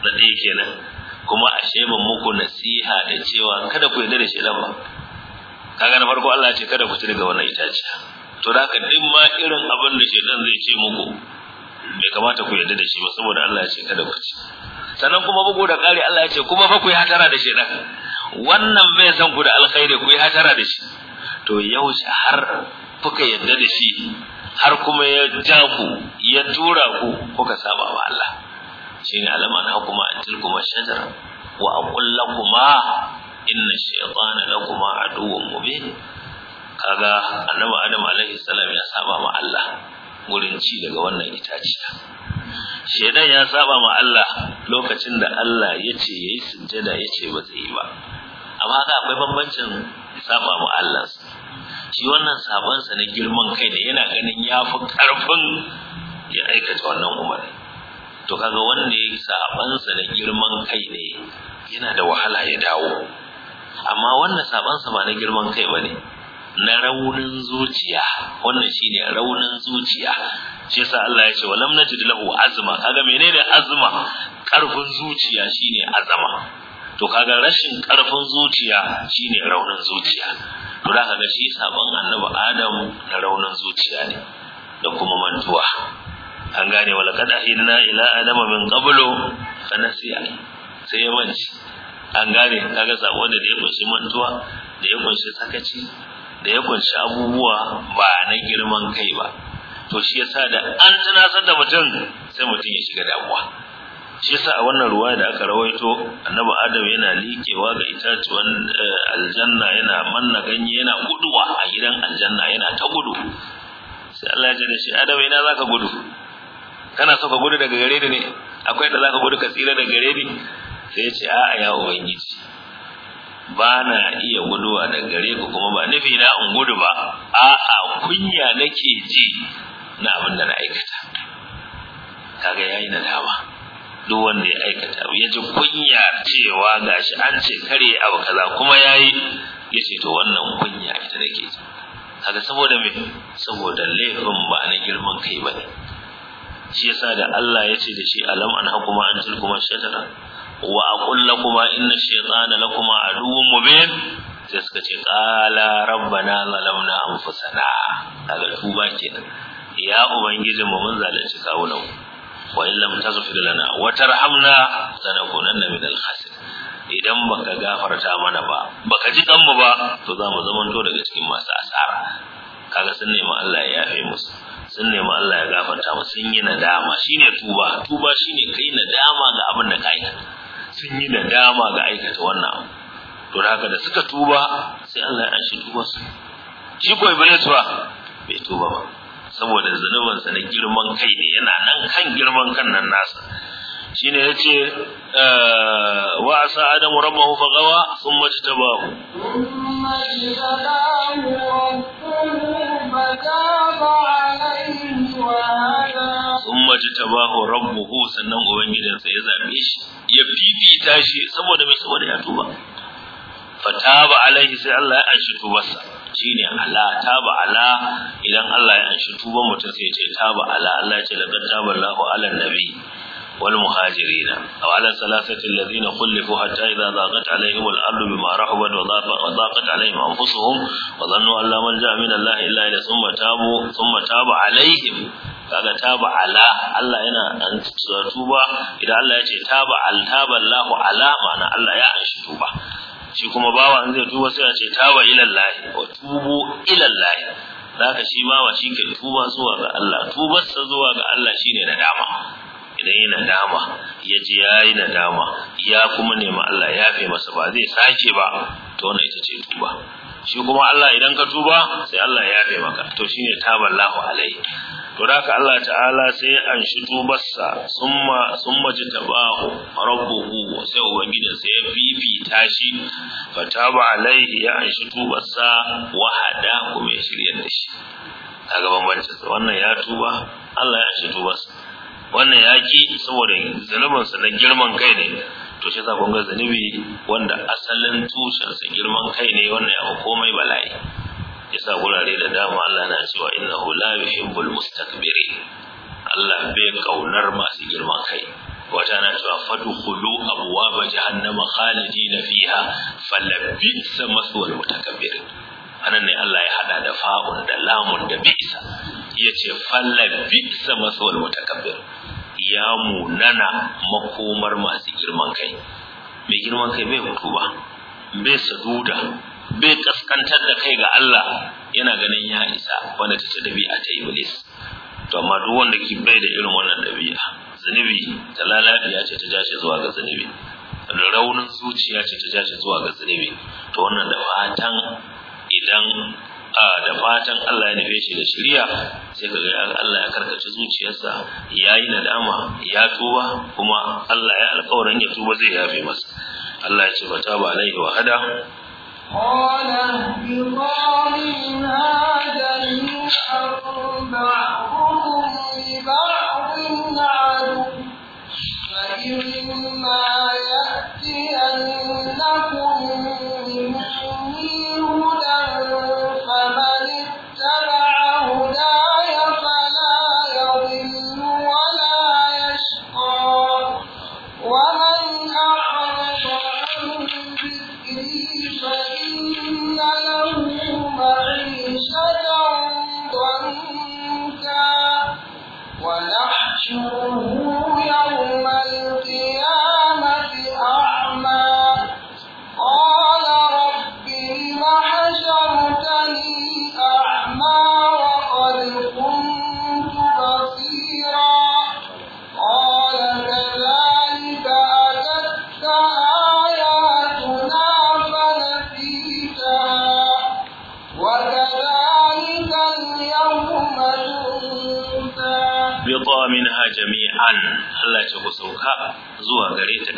na dai kenan kuma ashe ban muku nasiha da cewa kada ku yadda da shi ba kaga na farko Allah ya ce kada ku ci daga wannan itace to da haka din ma irin abin da shedan zai ce muku bai kamata ku yadda da shi ba saboda Allah ya ce kada ku ci sannan kuma bugu da ƙari Allah ya ce kuma fa ku yi hatara da shedan wannan bai san ku da alkhairi ku yi hatara da shi to yau har kuka yadda da shi har kuma ya ja ku ya tura ku kuka saba wa Allah shine alam an hakuma an tilkuma shajara wa aqul lakuma inna shaytana lakuma aduwwun mubin kaga annabi adam alaihi salam ya saba ma Allah gurin ci daga wannan itaciya shedan ya saba ma Allah lokacin da Allah ya ce yayi sujjada ya ce ba zai yi ba amma ga akwai bambancin saba ma Allah shi wannan sabon sa na girman kai ne yana ganin yafi karfin ya aikata wannan umarni to kaga wanda ya sabansa da girman kai ne yana da wahala ya dawo amma wannan sabansa ba na girman kai bane na raunin zuciya wannan shine raunin zuciya shi yasa Allah ya ce lam najid lahu azma kaga menene azma karfin zuciya shine azama to kaga rashin karfin zuciya shine raunin zuciya to da kaga shi sabon annabi Adam na raunin zuciya ne da kuma mantuwa an gane wala kad ahidna ila adama min qablu fanasiya sai ya manci an gane kaga sabo da ya kunshi mantuwa da ya kunshi sakaci da ya kunshi abubuwa ba na girman kai ba to shi yasa da an tunasar da mutum sai mutum ya shiga damuwa shi yasa a wannan ruwa da aka rawaito annabi adam yana likewa ga itatuwan eh, aljanna yana manna ganye yana guduwa a gidan aljanna yana ta gudu sai Allah ya ce da shi adam ina zaka gudu kana so ka gudu daga gare ne akwai da ka gudu ka tsira daga gare ni sai ya ce a'a ya ubangiji ba na iya guduwa daga gare ku kuma ba nufi na in gudu ba a'a kunya nake ji na abin da na aikata kaga yayi dama duk wanda ya aikata ya ji kunya cewa gashi an ce kare abu kaza kuma yayi ya ce to wannan kunya ita nake ji kaga saboda me saboda laifin ba na girman kai ba ne shi yasa da Allah ya ce da shi alam an hakuma an tilkuma shajara wa aqul lakuma inna shaytana lakuma aduwwun mubin sai suka ce qala rabbana zalamna anfusana daga tuba kenan ya ubangijin mu mun zalunci kawunan wa in taghfir lana wa tarhamna lanakunanna min al-khasirin idan baka gafarta mana ba baka ji kanmu ba to za mu zamanto daga cikin masu asara kaga sun nemi Allah ya yafe musu sun nemi Allah ya gafarta musu sun yi nadama shine tuba tuba shine kai nadama ga abin da ka aikata sun yi nadama ga aikata wannan abu to haka da suka tuba sai Allah ya anshi tuba su shi ko iblis ba bai tuba ba saboda zanubansa na girman kai ne yana nan kan girman kan nan nasa shine yace eh, wa asa adamu rabbahu fagawa thumma tabahu thumma tabahu rabbuhu sannan ubangijinsa ya zabe shi ya fifita shi saboda mai saboda ya tuba fataba alaihi sai Allah ya anshi tubarsa shine ala taba ala idan Allah ya anshi tuban mutum sai ya ce taba ala Allah ya ce laqad taba Allahu ala nabi والمهاجرين أو على الثلاثة الذين خلفوا حتى إذا ضاقت عليهم الأرض بما رحبت وضاقت عليهم أنفسهم وظنوا أن لا ملجأ من الله إلا إلى ثم تابوا ثم تاب عليهم kaga taba ala Allah yana an tuba idan Allah ya ce taba al taba Allahu ala mana Allah ya anshi tuba shi kuma bawa in zai tuba sai ya ce taba ila Allah wa tubu ila Allah zaka shi bawa shi ke tuba zuwa ga Allah tubar sa zuwa ga Allah shine dama. idan yana dama ya ji ya yi nadama ya kuma nemi Allah ya fi masa ba zai sake ba to wannan ita ce tuba shi kuma Allah idan ka tuba sai Allah ya fi maka to shine taballahu alai to da haka Allah ta'ala sai an shi tubarsa summa summa jitabahu rabbuhu sai ubangijin sai ya tashi ba taba alaihi ya an shi tubarsa wa hada kuma ya shirya da shi kaga bambancin wannan ya tuba Allah ya shi tubarsa wannan ya ki saboda su na girman kai ne to shi zafin ga zunubi wanda asalin tushensa girman kai ne wannan ya komai bala'i sa gurare da dama Allah na cewa inna la yuhibbul mustakbiri Allah bai kaunar masu girman kai wata na cewa fadkhulu abwaaba jahannama khalidina fiha falabisa maswal mutakabbirin anan ne Allah ya hada da fa'un da lamun da bisa yace falla bisa masawal mutakabbir ya munana makomar masu girman kai mai girman kai bai hutu ba bai saduda bai kaskantar da kai ga Allah yana ganin ya isa wanda ta ce dabi'a ta iblis to amma duk wanda ke bai da irin wannan dabi'a zunubi ta lalabiya ce ta jace zuwa ga zunubi raunin zuciya ce ta jace zuwa ga zunubi to wannan da fatan idan da fatan Allah ya nufe shi da shirya sai ka kaga Allah ya karkace zuciyarsa ya yi nadama ya tuba kuma Allah ya alƙawarin ya tuba zai yafe masa Allah ya ce ba ta ba alaihi wa hada قال اهبطا منها جميعا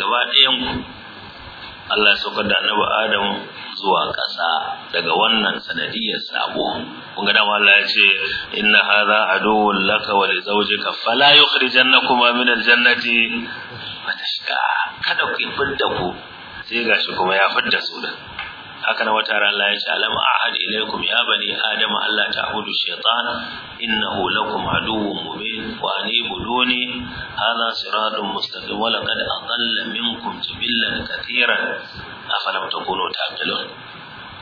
gaba ɗayan ku Allah ya saukar da annabi Adam zuwa ƙasa daga wannan sanadiyar sabo kun ga dama Allah ya ce inna hadha aduwwun laka wa li zawjika fala yukhrijannakuma min aljannati fatashqa kada ku fidda ku sai gashi kuma ya fidda su da haka na wata ran Allah ya ce alam ahad ilaykum ya bani adam Allah ta'budu shaytana innahu lakum aduwwun mubin wa anibu تتبعوني هذا صراط مستقيم ولقد أضل منكم جبلا ta kuno ta تعقلون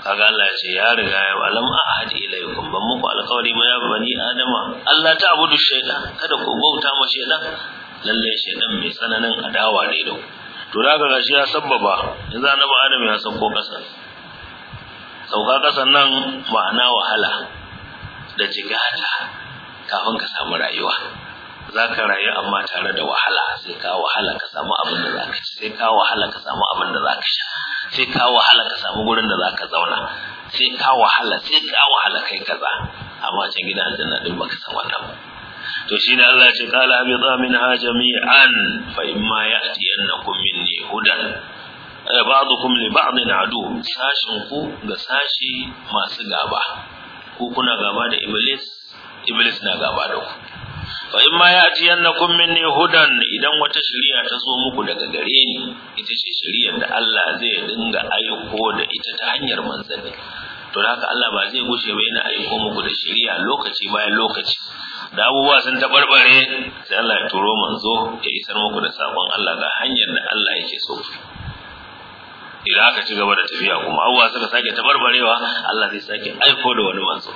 kaga Allah ya ce ya riga ya alam a haɗe ilaikum ban muku alƙawari ma ya bani adama Allah ta abudu shaytan kada ku bauta ma shaida, lallai shaytan mai tsananin adawa ne da to da kaga shi ya sabbaba yanzu annabi adam ya sauko ƙasa. sauka kasan nan ma'ana wahala da jigata kafin ka samu rayuwa za ka rayu amma tare da wahala sai ka wahala ka samu abin da za ka ci sai ka wahala ka samu abin da za ka sha sai ka wahala ka samu gurin da za ka zauna sai ka wahala sai ka wahala kai kaza amma can gidan aljanna din baka san wannan ba to ne Allah ya ce qala habita minha jami'an fa imma ya'ti annakum minni hudan eh, ba'dukum li ba'din adu sashin ku ga sashi masu gaba ku kuna gaba da iblis iblis na gaba da ku fa in ma ya'tiyannakum minni hudan idan wata shari'a ta zo muku daga gare ni ita ce shari'ar da Allah zai dinga aiko da ita ta hanyar manzanni to haka Allah ba zai gushe ba yana aiko muku da shari'a lokaci bayan lokaci da abubuwa sun tabarbare sai Allah ya turo manzo ya isar muku da sabon Allah ga hanyar da Allah yake so idan aka ci gaba da tafiya kuma abubuwa suka sake tabarbarewa Allah zai sake aiko da wani manzo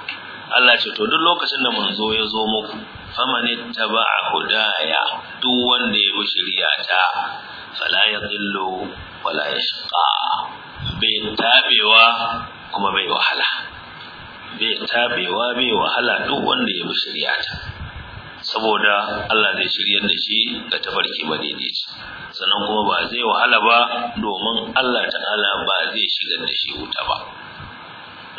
Allah ce to duk lokacin da manzo ya zo muku faman ittaba'a hudaya duk wanda ya bi ta fala yadhillu wala yashqa bai tabewa kuma bai wahala bai tabewa bai wahala duk wanda ya bi ta, saboda Allah zai shiryar da shi ga tafarki ba daidaici sannan kuma ba zai wahala ba domin Allah ta'ala ba zai shigar da shi wuta ba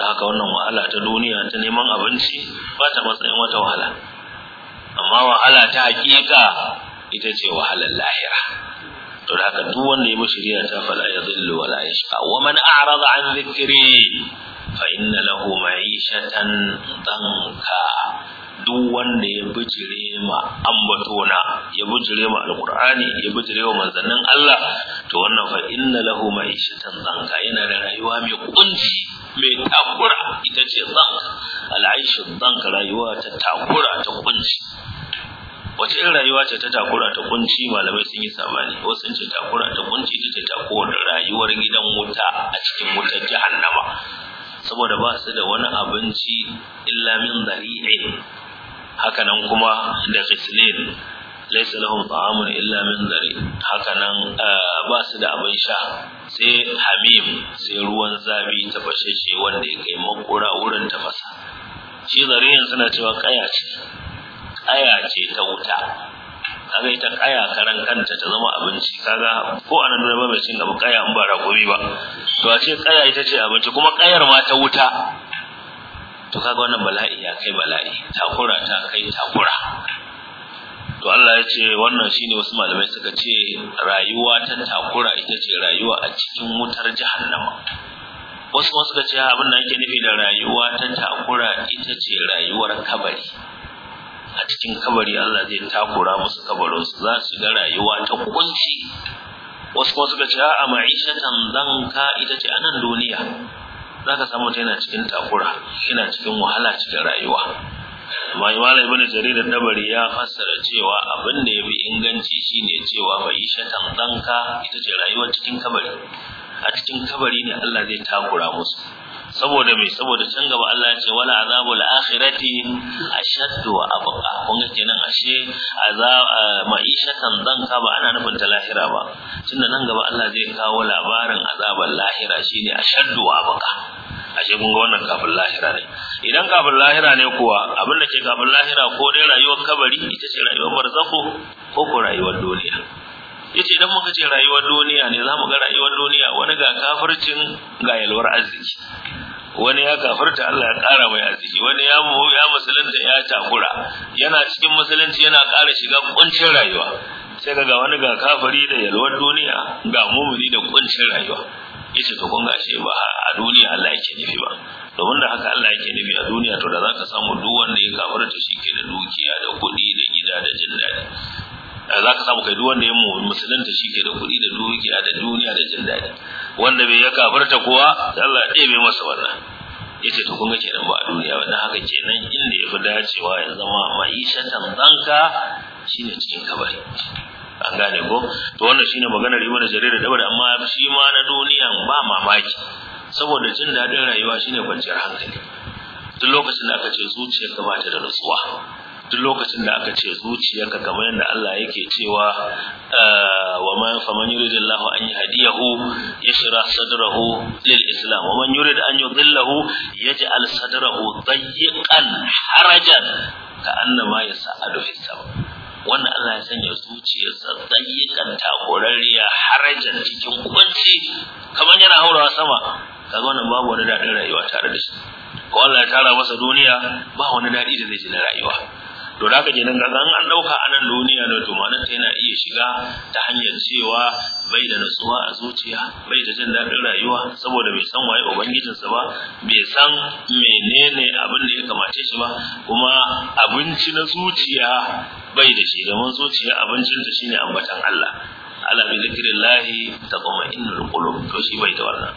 da haka wannan wahala ta duniya ta neman abinci ba ta matsayin wata wahala amma wahala ta hakika ita ce wahalar lahira to da haka duk wanda ya bi shari'a ta fala ya zillu wala yashqa wa man a'rada an dhikri fa inna lahu ma'ishatan danka duk wanda ya bijire ma ambatona ya bijire ma alqur'ani ya bijire wa manzannin Allah to wannan fa inna lahu ma'ishatan danka yana da rayuwa mai kunci mai takura ita ce zanka al'aishin zanka rayuwa ta takura ta kunci wace irin rayuwa ce ta takura ta kunci malamai sun yi samani ko sun ce takura ta kunci ita ce takura rayuwar gidan wuta a cikin wutar jahannama saboda ba su da wani abinci illa min dari'in hakanan kuma da fitilin laisa lahum ta'amun illa min Haka nan eh, ba su da abin sha sai Habim, sai ruwan zabi ta shi wanda ya kai makura wurin tafasa shi zariyan suna cewa kaya ce kaya ce ta wuta kaga ita kaya karan kanta ta zama abinci kaga ko anan da ba cin abu kaya in ba rakumi ba to a ce kaya ita ce abinci kuma kayar ma ta wuta to kaga wannan bala'i ya kai bala'i takura ta kai takura to Allah ya ce wannan shine wasu malamai suka ce rayuwa ta takura ita ce rayuwa a cikin wutar jahannama wasu kuma suka ce abin da yake nufi da rayuwa ta takura ita ce rayuwar kabari a cikin kabari Allah zai takura musu kabarinsu za su ga rayuwa ta kunci wasu kuma suka ce a ma'ishatan zanka ita ce anan duniya za ka samu ta yana cikin takura yana cikin wahala cikin rayuwa amma malam ibnu jarir dabari ya fassara cewa abin da yafi inganci shine cewa ma'ishatan danka ita ce rayuwar cikin kabari a cikin kabari ne Allah zai takura musu saboda me saboda can gaba Allah ya ce wala azabul akhirati ashaddu wa abqa kun ga kenan ashe azab eh, ma'ishatan danka ba ana nufin ta lahira ba tunda nan gaba Allah zai kawo labarin azabar lahira shine ashaddu wa abqa ashe mun ga wannan kafin lahira ne idan kafin lahira ne kuwa abin da ke kafin lahira ko dai rayuwar kabari ita ce rayuwar barzako ko ko rayuwar duniya yace idan muka ce rayuwar duniya ne za mu ga rayuwar duniya wani ga kafircin ga yalwar arziki wani ya kafirta Allah ya ƙara mai arziki wani ya mu ya musulunta ya takura yana cikin musulunci yana ƙara shiga kuncin rayuwa sai ga wani ga kafiri da yalwar duniya ga mumuni da kuncin rayuwa yace to kun ga ashe ba a duniya Allah yake nufi ba domin da haka Allah yake nufi a duniya to da zaka samu duk wanda ya kafara ta shi ke da dukiya da kuɗi da gida da jin daɗi za ka samu kai duk wanda ya ta shi ke da kuɗi da dukiya da duniya da jin daɗi wanda bai ya ta kuwa Allah ya ɗebe masa wannan yace to kun ga kenan ba a duniya ba dan haka kenan inda yafi dacewa ya zama ma'ishatan zanka shine cikin kabari gane ko to wannan shine maganar da jarida da bada amma shi ma na duniya ba mamaki saboda jin dadin rayuwa shine kwanciyar hankali duk lokacin da aka ce zuciyarka ba ta da nutsuwa duk lokacin da aka ce zuciyarka kamar yadda Allah yake cewa ah, wa man faman yuridillahu an yahdiyahu yashrah sadrahu lil islam wa man yurid an yudhillahu yaj'al sadrahu dayyqan harajan annama yas'alu fis sama wanda Allah ya sanya zuciyarsa tsayyikan takurariya harajan cikin kwanci kamar yana haurawa sama kaga wannan babu wani daɗin rayuwa tare da shi ko Allah ya tara masa duniya ba wani daɗi da zai ji na rayuwa to da haka kenan kaga an ɗauka a nan duniya da to ma'anar yana iya shiga ta hanyar cewa bai da nutsuwa a zuciya bai da jin daɗin rayuwa saboda bai san waye ubangijinsa ba bai san menene abin da ya kamace shi ba kuma abinci na zuciya bai da shi domin zuciya abincin ta shine ambatan Allah ala bi zikrillahi taqma'innul qulub to shi bai da wannan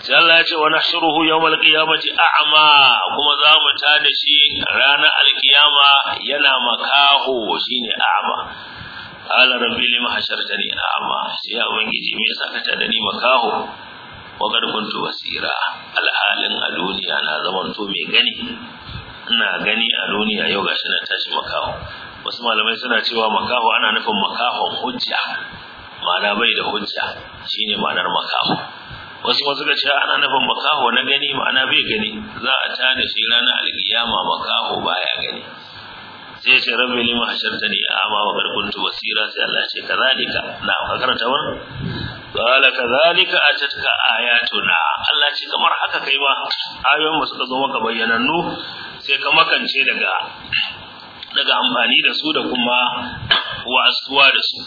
sai Allah ya ce wa nahshuruhu yawmal qiyamati a'ma kuma za mu ta da shi ranar alkiyama yana makaho shine a'ma ala rabbi lima hasharjani a'ma sai ya ubangiji me yasa ka tada ni makaho wa kad kuntu basira alhalin a duniya na zaman to mai gani ina gani a duniya yau gashi na tashi makaho wasu malamai suna cewa makaho ana nufin makahon hujja ma'ana bai da hujja shi ne ma'anar makaho wasu ma suka ce ana nufin makaho na gani ma'ana bai gani za a tada shi ranar alkiyama makaho baya gani sai ce rabbi lima hashartani ne a qad kuntu basira sai Allah ce 'Ka zalika na ka karanta wannan qala kazalika atatka ayatuna Allah ce kamar haka kai ma ayoyin mu suka zo maka bayyanannu sai ka makance daga daga amfani da su da kuma wasuwa da su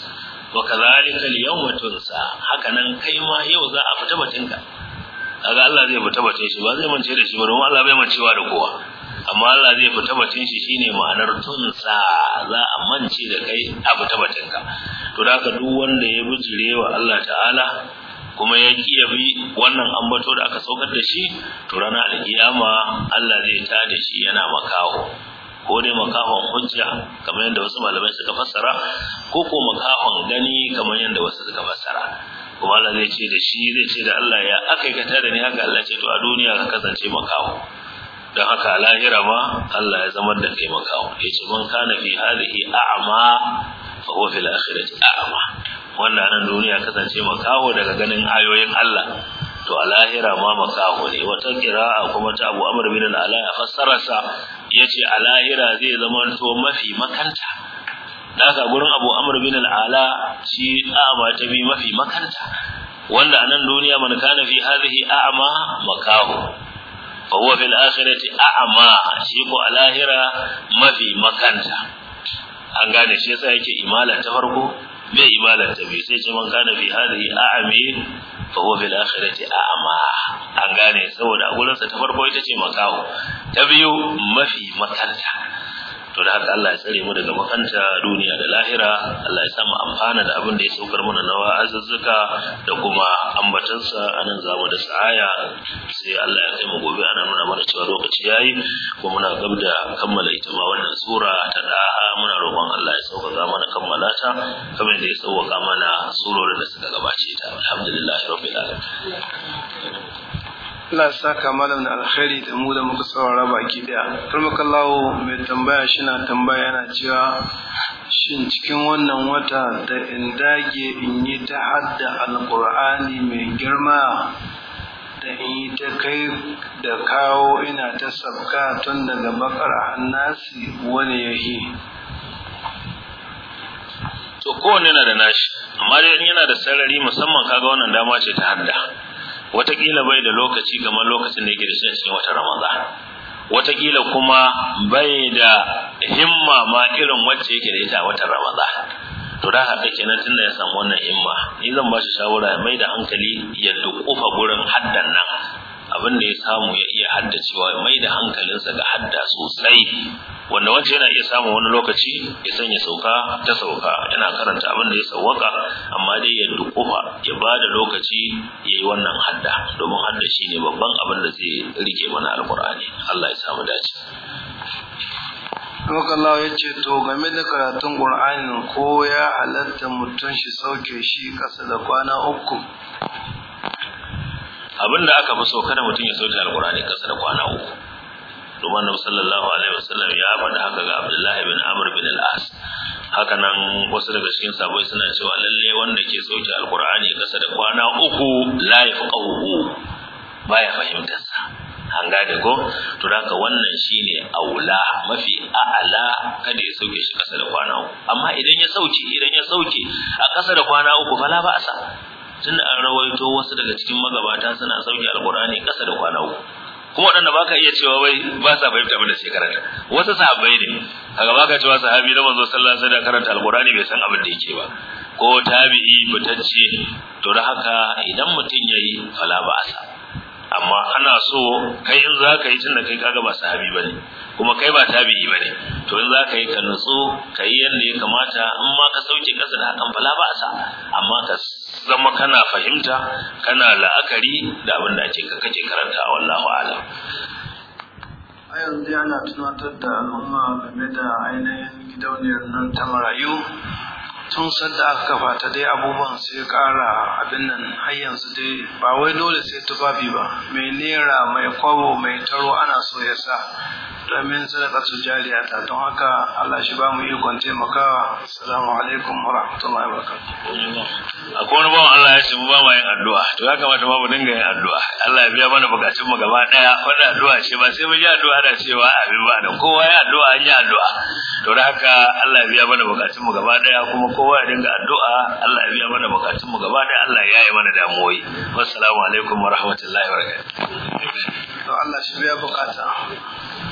wa kazalika al-yawma tunsa haka nan kai ma yau za a fita batinka kaga Allah zai fita batin shi ba zai mance da shi ba don Allah bai mancewa da kowa amma Allah zai fita batin shi shine ma'anar tunsa za a mance da kai a fita batinka to da haka duk wanda ya bijirewa Allah ta'ala kuma ya kiya bi wannan ambato da aka saukar da shi to rana alkiyama Allah zai tada shi yana makaho ko dai makahon hujja kamar yadda wasu malamai suka fassara ko ko makahon gani kamar yadda wasu suka fassara kuma Allah zai ce da shi zai ce da Allah ya akai ka tada ni haka Allah ce to a duniya ka kasance makaho don haka a lahira ma Allah ya zama da kai makaho ya ce man kana fi hadhihi a'ma fa huwa fil akhirati a'ma wannan nan duniya kasance makaho daga ganin ayoyin Allah to a lahira ma makaho ne wata kira'a kuma ta Abu Amr bin al-Ala ya fassara sa yace a zai zama to mafi makanta daga gurin Abu Amr bin al-Ala shi a'ama ta bi mafi makanta wanda anan duniya man kana fi hadhihi a'ma makaho fa huwa fil akhirati a'ma shi ko a mafi makanta an gane shi yasa yake imala ta farko bai ibada ta bai sai ce man kana fi hadhihi a'mi fa huwa fil akhirati a'ma an gane saboda a sa ta farko ita ce makaho ta biyu mafi makarta to da haka Allah ya tsare mu daga makanta duniya da lahira Allah ya samu amfana da abin da ya saukar mana na wa'azuzzuka da kuma ambatansa a nan zamu da sa'aya sai Allah ya kai mu gobe ana nuna mana cewa lokaci yayi ko muna gab da kammala ita ma wannan sura ta da, muna roƙon Allah ya sauƙaƙa mana kammala ta kamar da ya sauƙaƙa mana surorin da suka gabace ta alhamdulillah rabbil alamin Allah saka malam da alkhairi da mu da muka saurara baki daya. Turmakallawo mai tambaya shina tambaya yana cewa shin cikin wannan wata da in dage in yi ta hadda alkur'ani mai girma da in yi ta kai da kawo ina ta sabka tun daga bakar annasi wani yahi. To kowane yana da nashi, amma dai yana da sarari musamman kaga wannan dama ce ta hadda. watakila bai da lokaci kamar lokacin da yake da shi cikin wata ramadan watakila kuma bai da himma ma irin wacce yake da ita a watan ramadan to da haka kenan tunda ya samu wannan himma ni zan ba shi shawara mai da hankali ya dukufa gurin haddan nan abin da ya samu ya iya haddacewa mai da hankalinsa ga hadda sosai wanda wacce yana iya samun wani lokaci ya sanya sauka ta sauka yana karanta abin da ya sauwaka amma dai ya dukufa ya ba da lokaci ya yi wannan hadda domin hadda shi ne babban abin da zai rike mana alkur'ani allah ya samu dace Allah ya ce to game da karatun Qur'ani ko ya halatta mutum shi sauke shi kasa da kwana uku Abin da aka fi so kada mutum ya soke alkurani kasa da kwana uku domin annabi sallallahu alaihi wasallam ya faɗa haka ga Abdullahi bin Amr bin al haka nan wasu daga cikin sabai suna cewa lalle wanda ke soke alkurani kasa da kwana uku la yafqahu baya fahimtar sa an gane ko to haka wannan shine aula mafi a'ala kada ya sauke shi kasa da kwana uku amma idan ya sauke idan ya sauke a kasa da kwana uku fala ba sa. tun an rawaito wasu daga cikin magabata suna sauke alkur'ani kasa da kwana uku kuma wadanda baka iya cewa wai ba sa fahimta abin da suke karanta wasu sahabbai ne kaga baka cewa sahabi da manzo sallallahu alaihi wasallam karanta alkur'ani bai san abin da yake ba ko tabi'i mutacce to da haka idan mutun yayi fala ba asa amma ana so kai in za ka yi tunda kai kaga ba sahabi bane kuma kai ba tabi'i bane to in za ka yi ka nutsu ka yi yadda ya kamata in ka sauke kasa da hakan fala ba sa amma ka zama kana fahimta kana la'akari da abin da ake kake karanta a wallahu alam a yanzu ana tunatar da al'umma game da ainihin gidauniyar nan ta marayu tun sadda aka kafa ta dai abubuwan sai kara abin nan har yanzu dai ba wai dole sai tufafi ba mai nera mai kwabo mai taro ana so ya sa domin sadaka su jariya ta don haka Allah shi ba mu ikon taimakawa assalamu alaikum wa rahmatullahi wa barakatuh akwai wani bawan Allah ya ce mu ba mu yin addu'a to ya kamata ba mu dinga yin addu'a Allah ya biya mana bukatun mu gaba daya wannan addu'a ce ba sai mu ji addu'a da cewa abin ba da kowa ya addu'a an yi addu'a to da haka Allah ya biya mana bukatun mu gaba daya kuma kowa ya dinga addu'a Allah ya biya mana bukatun mu gaba da Allah ya yi mana damuwoyi assalamu alaikum wa rahmatullahi wa barakatuh to Allah shi biya bukata